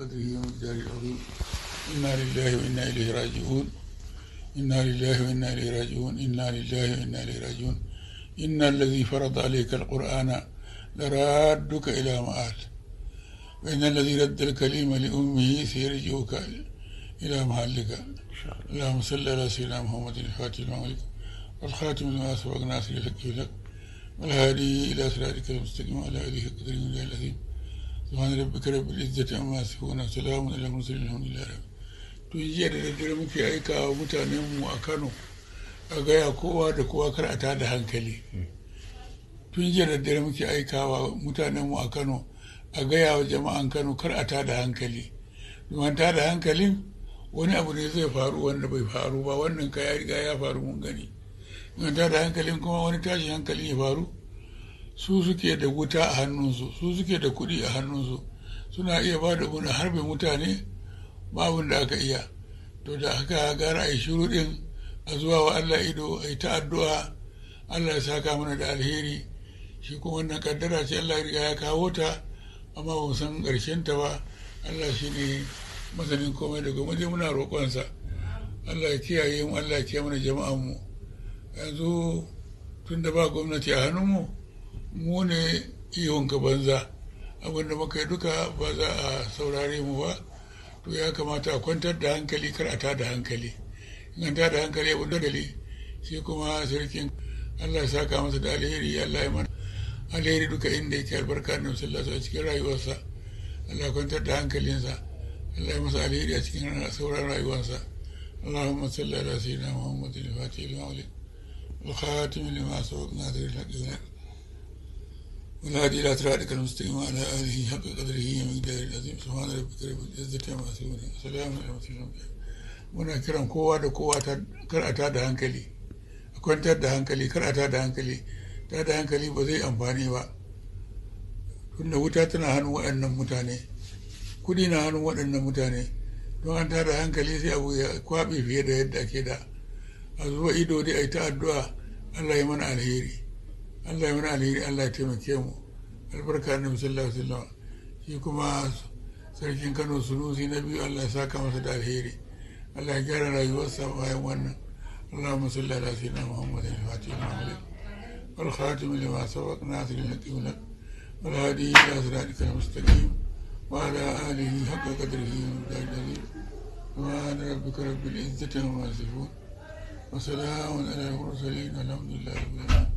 قدره الدار العظيم إنا لله وإنا إليه راجعون إنا لله وإنا إليه راجعون إنا لله وإنا إليه راجعون إن الذي فرض عليك القرآن لرادك إلى مآل وإن الذي رد الكلمة لأمه سيرجعك إلى محلك اللهم صل على سيدنا محمد الفاتح المملك والخاتم لما سبق ناصر لك والهادي إلى صراطك المستقيم وعلى آله قدره العظيم subhana rabbika rabbil izzati amma yasifun salamun alal mursalin alhamdulillah to jiya da daddare muke aika wa mutanen mu a Kano a gaya kowa da kowa kar a tada hankali tun jiya da daddare muke aikawa mutanen mu a Kano a gaya wa jama'an Kano kar a tada hankali domin tada hankalin wani abu ne zai faru wanda bai faru ba wannan ka ya riga ya faru mun gani domin tada hankalin kuma wani tashin hankali ya faru su suke da wuta a hannunsu su suke da kuɗi a hannunsu suna iya ba da muna harbin mutane babin da aka iya to da aka gara a yi shiru ɗin a zuwa wa allah ido a yi ta'addu'a allah ya saka mana da alheri shi kuma wannan kaddara ce allah riga ya kawo ta amma ba mu san ƙarshen ta ba allah shi ne masanin komai da goma muna roƙonsa allah ya kiyaye mu allah ya kiyaye mana jama'an mu yanzu tun da ba gwamnati a hannun mu mu ne ihon ka banza abinda muka yi duka ba za a saurare mu ba to ya kamata a kwantar da hankali kar a tada hankali in an tada hankali ya bunda dali sai kuma sarkin Allah ya saka masa da alheri Allah ya mana alheri duka inda yake albarka da sallallahu a cikin rayuwarsa Allah ya kwantar da hankalinsa Allah ya masa alheri a cikin sauran rayuwarsa اللهم صل على سيدنا محمد الفاتح لما الخاتم لما سبق ناصر الحق والهادي الى kiran kowa da kowa kar a tada hankali a kwantar da hankali kar a tada hankali tada hankali ba zai amfani ba tunda wuta tana hannun waɗannan mutane kudi na hannun waɗannan mutane don an tada hankali sai a ya kwaɓe fiye da yadda ake da a zuba ido dai a yi ta addu'a allah ya mana alheri allah ya mana alheri allah ya taimake mu albarka sallallahu alaihi wasallam shi kuma sarkin kano sunusi na biyu allah ya saka masa da alheri allah ya gyara rayuwarsa bayan wannan اللهم صل على سيدنا محمد الفاتح لما أغلق والخاتم لما سبق ناصر الحق لك والهادي إلى صراطك المستقيم وعلى آله حق قدره ومقدار العظيم سبحان ربك رب العزة عما يصفون وسلام على المرسلين والحمد لله رب العالمين